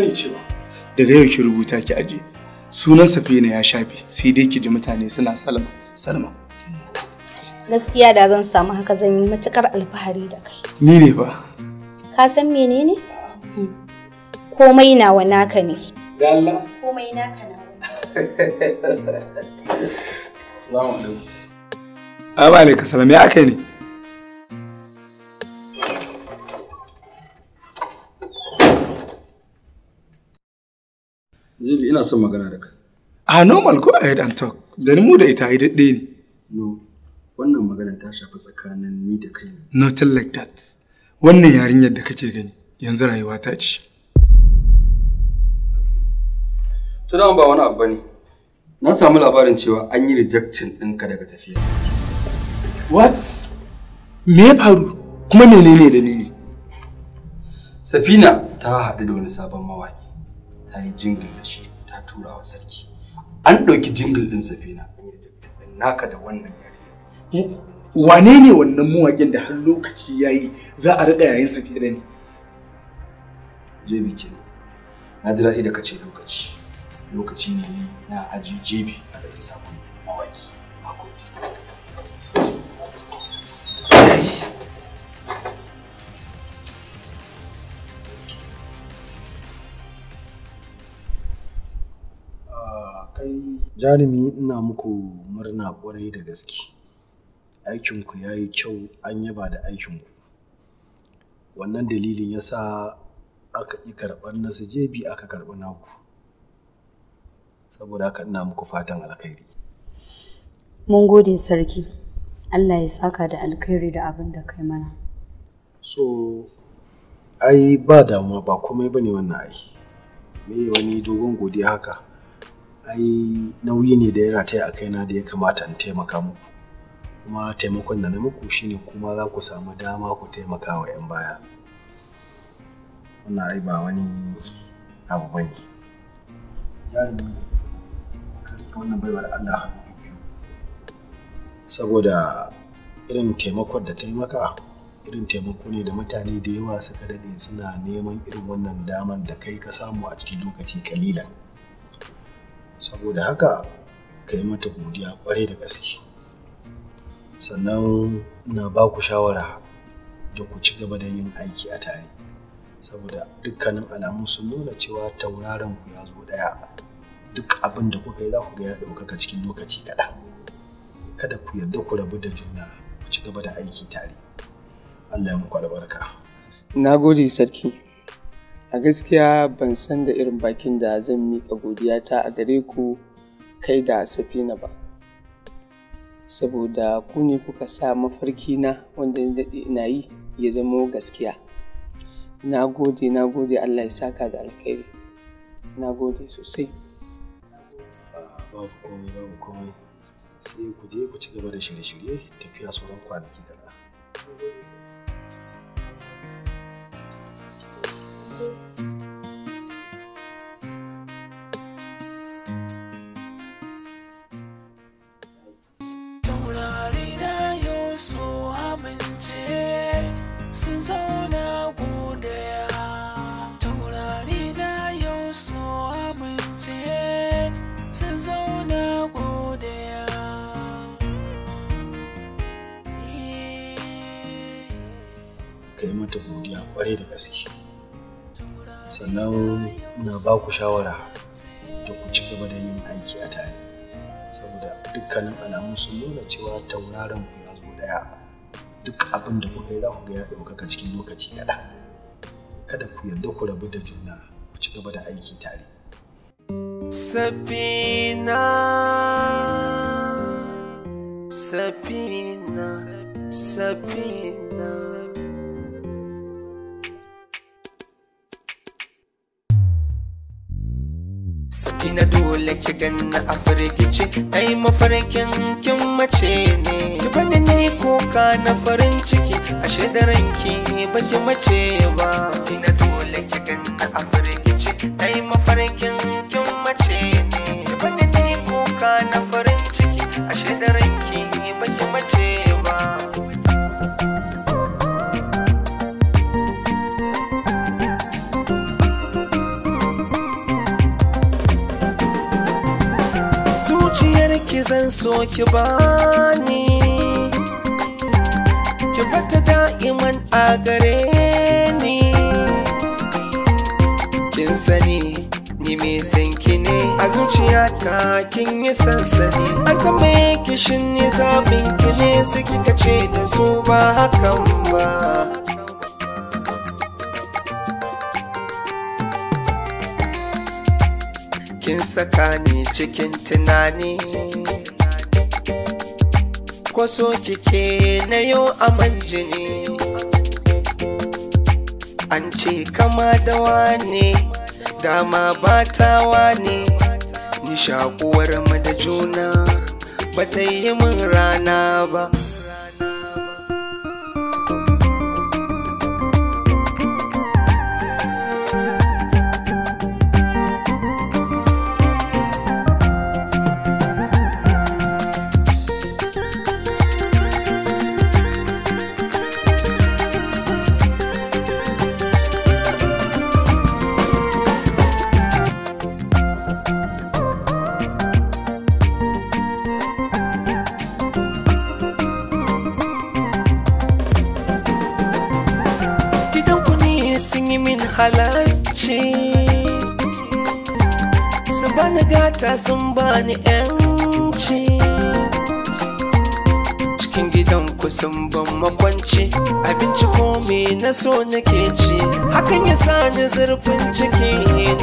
sani cewa daga yau ki rubuta ki aje sunan safina ya shafe sai dai ki ji mutane suna salama salama gaskiya da zan samu haka zan yi matukar alfahari da kai ni ne ba ka san menene hmm. komai nawa naka ne da Allah komai naka nawa Salamu alaikum. Aba ne ka salame aka ne? Zubi ina son magana da kai. A normal ko a and talk. Da mu da ita ai daɗe ne. No. Wannan magana ta shafi tsakanin ni da kai. Nothing like that. Wannan yarinyar da kake gani yanzu rayuwa ta ce. Tunan ba wani abu bane. Na samu labarin cewa an yi rejection ɗinka daga tafiya. What? Me ya faru? Kuma menene dalili? Safina ta haɗu da wani sabon mawaƙi. ta yi jingil da shi ta tura wa sarki an ɗauki jingil ɗin safina an yi jingil naka da wannan yare wane ne wannan mawaƙin da har lokaci ya yi za a riƙa yayin safina ne jebi ne na ji daɗi da kace lokaci lokaci ne na aji jebi a ɗauki sakon Jarumi ina muku murna kwarai da gaske. Aikinku ya yi kyau an yaba da aikinku. Wannan dalilin ya sa aka ƙi karɓar nasu jebi aka karɓi naku. Saboda haka ina muku fatan alkhairi. Mun gode sarki. Allah ya saka da alkhairi da abin da kai mana. So, ai ba damuwa ba komai ba ne wannan ai. Me wani dogon godiya haka? ai nauyi ne da yana taya a kaina da ya kamata in taimaka muku kuma taimakon da na muku shine kuma za ku samu dama ku taimaka wa 'yan baya wannan ai ba wani abu ba ne wannan baiwar allah saboda irin taimakon da taimaka, irin taimako ne da mutane da yawa suka daɗe suna neman irin wannan damar da kai ka samu a cikin lokaci kalilan. saboda haka ka yi mata godiya kwarai da gaske sannan na ba ku shawara da ku ci gaba da yin aiki a tare saboda dukkanin alamu sun nuna cewa tauraron ku ya zo daya duk abin da kuka yi za ku ga ya ɗaukaka cikin lokaci kaɗa. kada ku yarda ku rabu da juna ku ci gaba da aiki tare Allah ya muku albarka na gode sarki a gaskiya ban san da irin bakin da zan miƙa godiyata a gare ku kai da safina ba saboda ku ne kuka sa mafarki na wanda ni daɗe ina yi ya zama gaskiya na gode na gode allah ya saka da alkhairi na gode sosai ah, babu komai babu komai sai ku je ku ci gaba da shirye-shirye tafiya sauran kwanaki gaba. ka yi mata godiya kwarai da gaske sannan na ba ku shawara da ku ci gaba da yin aiki a tare saboda dukkanin alamu sun nuna cewa tauraron ku ya zo daya duk abin da kuka yi za ku ga ya ɗaukaka cikin lokaci kaɗan kada ku yarda ku rabu da juna ku ci gaba da aiki tare Sabina Sabina, Sabina. na dole ki ganna a firgice ai mafarkin kin mace ne ki bani ne kuka na farin ciki a da ranki baki mace ba ki na dole ki ganna a firgice ai so ki bani ki bata da'iman a gare ni kin sani ni me san ki ne a zuciyata kin yi sansani an tambaye ki shin ne zafin ki ne su kika ce da su ba hakan ba kin saka ni cikin tunani kwaso kike na yau aman jini an ce kama da wane dama ba ta wane nishakuwar mu da juna ba ta yi min rana ba halarci su bani gata sun bani yanci cikin gidan sun ban makwanci abinci komai na so nake ci hakan ya sani zurfin ciki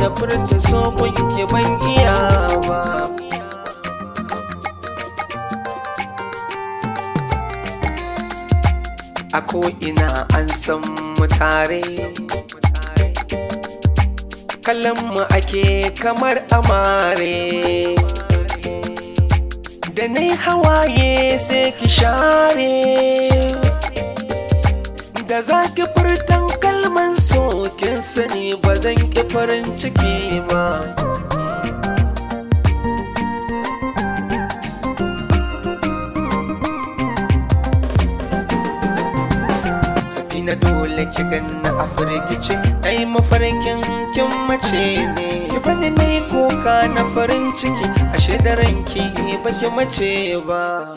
na furta so ke ban iya ba a ko'ina an san mu tare kallon mu ake kamar amare da nai hawaye sai ki share da za ki furtan kalman so kin sani ba zan ki farin ciki ba na dole ki ganna a firgici ai mafarkin kin mace ne ki bani ne kuka na farin ciki ashe da ranki baki mace ba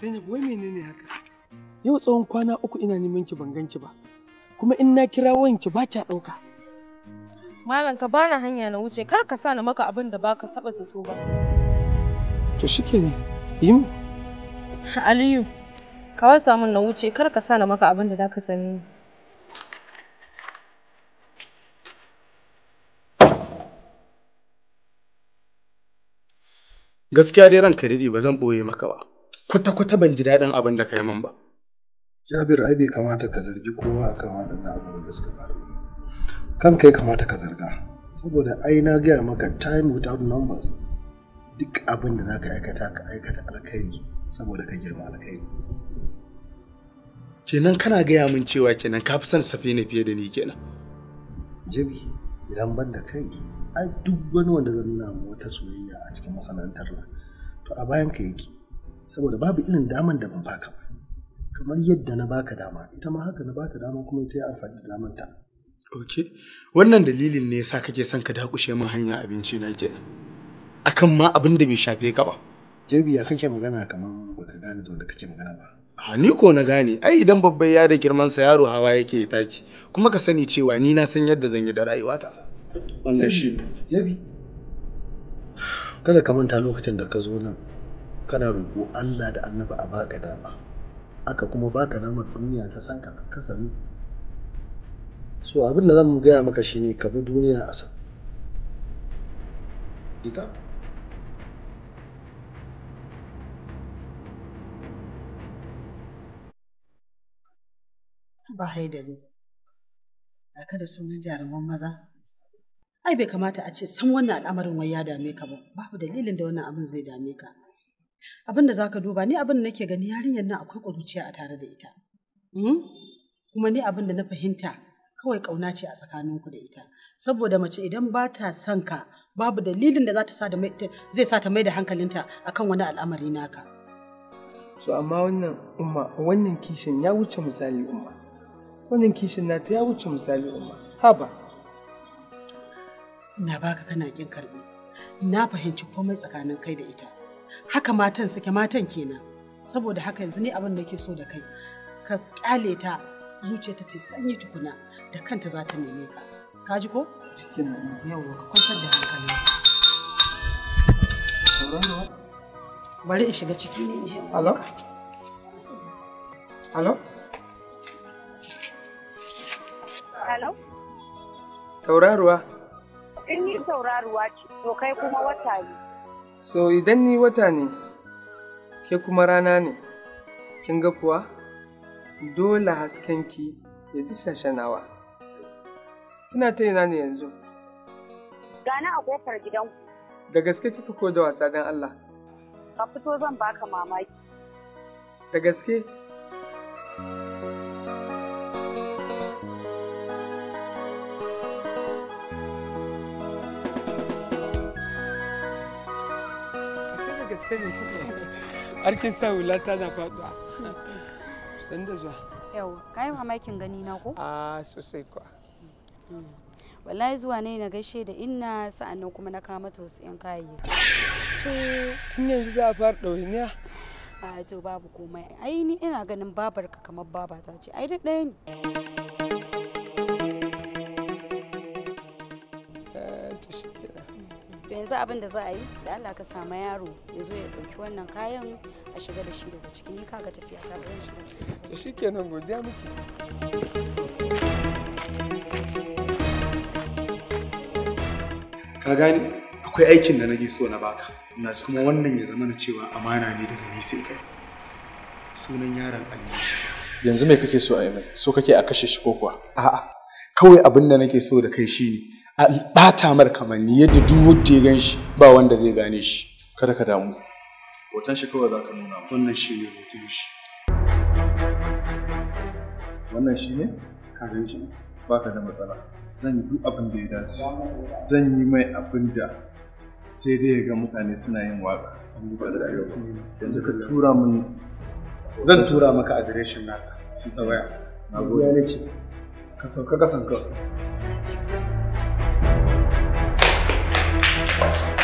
Zainab wai menene haka? Yau tsawon kwana uku ina neman ki ban ganki ba. Kuma in na kira wayanki ba kya ɗauka. Malam ka bani hanya na wuce kar ka sa maka abin da baka taba zato ba. To shikenan yi mu. Aliyu ka wasa min na wuce kar ka sa maka abin da zaka sani. Gaskiya dai ranka daɗi ba zan ɓoye maka ba. Kwata-kwata ban ji daɗin abin da ka yi min ba. Jabir ai bai kamata ka zargi kowa akan waɗannan abubuwan da suka faru. kanka ya kamata ka zarga saboda ai na gaya maka time without numbers duk abin da za ka aikata ka aikata alkhairi saboda ka girma alkhairi kenan kana gaya min cewa kenan ka fi son safina fiye da ni kenan jami idan ban da kai ai duk wani wanda zan nuna mu wata soyayya a cikin masana'antar nan to a bayan ka yake saboda babu irin daman da ban baka ba kamar yadda na baka dama ita ma haka na baka dama kuma ita ya amfani da damanta Okay. Wannan dalilin ne yasa kake son ka dakushe min hanya abinci na ke. Akan ma abin da bai shafe ka ba. Jirbi ya kake magana kamar baka gane da kake magana ba. A ni ko na gane, ai idan babban ya da girmansa yaro hawa yake taki. Kuma ka sani cewa ni na san yadda zan yi da rayuwata. Wannan shi. Jirbi. Kada ka manta lokacin da ka zo nan kana roƙo Allah da Annabi a baka dama. Aka kuma baka damar duniya ta san ka kasani. so abin da zan gaya maka shi ne ka bi duniya a san ba haidari a kada sunan jaruman maza ai bai kamata a ce san wannan al'amarin wai ya dame ka ba babu dalilin da wannan abin zai dame ka abin da zaka duba ni abin da nake gani yarinyar nan akwai ƙuruciya a tare da ita hmm? kuma ni abin da na fahimta kawai ƙauna ce a tsakaninku da ita saboda mace idan ba ta son ka babu dalilin da za sa zai sa ta mai da hankalinta akan wani al'amari naka so amma wannan umma wannan kishin ya wuce misali umma wannan kishin nata ya wuce misali umma haba na baka kana kin karbi na fahimci komai tsakanin kai da ita haka matan suke matan kenan saboda haka yanzu ne abin da nake so da kai ka kyale ta zuciyarta ta sanyi tukuna da kanta za ta neme ka ka ji ko cikin yawa ka kwantar da hankali bari in shiga ciki ne alo alo alo tauraruwa in yi tauraruwa ce to kai kuma wata ne so idan ni wata ne ke kuma rana ne kin ga kuwa dole haskenki ya ji nawa. Kina ta ina ne yanzu? Gani a kofar gidanku. Da gaske kika ko da wasa don Allah? Ka fito zan baka mamaki. Da gaske? Arkin sa wula tana faɗuwa. Sun da zuwa. Yawwa, ka yi mamakin gani na ko? A sosai kuwa. Hmm. Wallahi zuwa ne na gaishe da inna sa'annan kuma na kama mata wasu 'yan kayayyaki. To, tun yanzu za a fara ɗauniya. A to babu komai. Ai ni ina ganin babarka kamar babata ce. Ai duk ɗaya ne. to yanzu abin da za a yi da Allah ka sama yaro ya zo ya ɗauki wannan kayan a shiga da shi daga ciki ni kaga tafiya ta bayan shi to shikenan godiya miki ka gani akwai aikin da nake so na baka ina kuma wannan ya zama na cewa amana ne daga ni sai kai sunan yaron Ali yanzu me kake so a yi mai so kake a kashe shi ko kuwa a'a kawai abin da nake so da kai shine a ɓata mar kamanni yadda duk wanda ya gan shi ba wanda zai gane shi kada ka damu hoton shi kawai za ka nuna wannan shi ne hoton shi wannan shi ne ka shi ba ka da matsala zan yi duk abin da ya dace zan yi mai abin da sai dai ya ga mutane suna yin waka yanzu ka tura mun zan tura maka adireshin nasa shi ta waya na gode ka sauka ka sauka Thank you.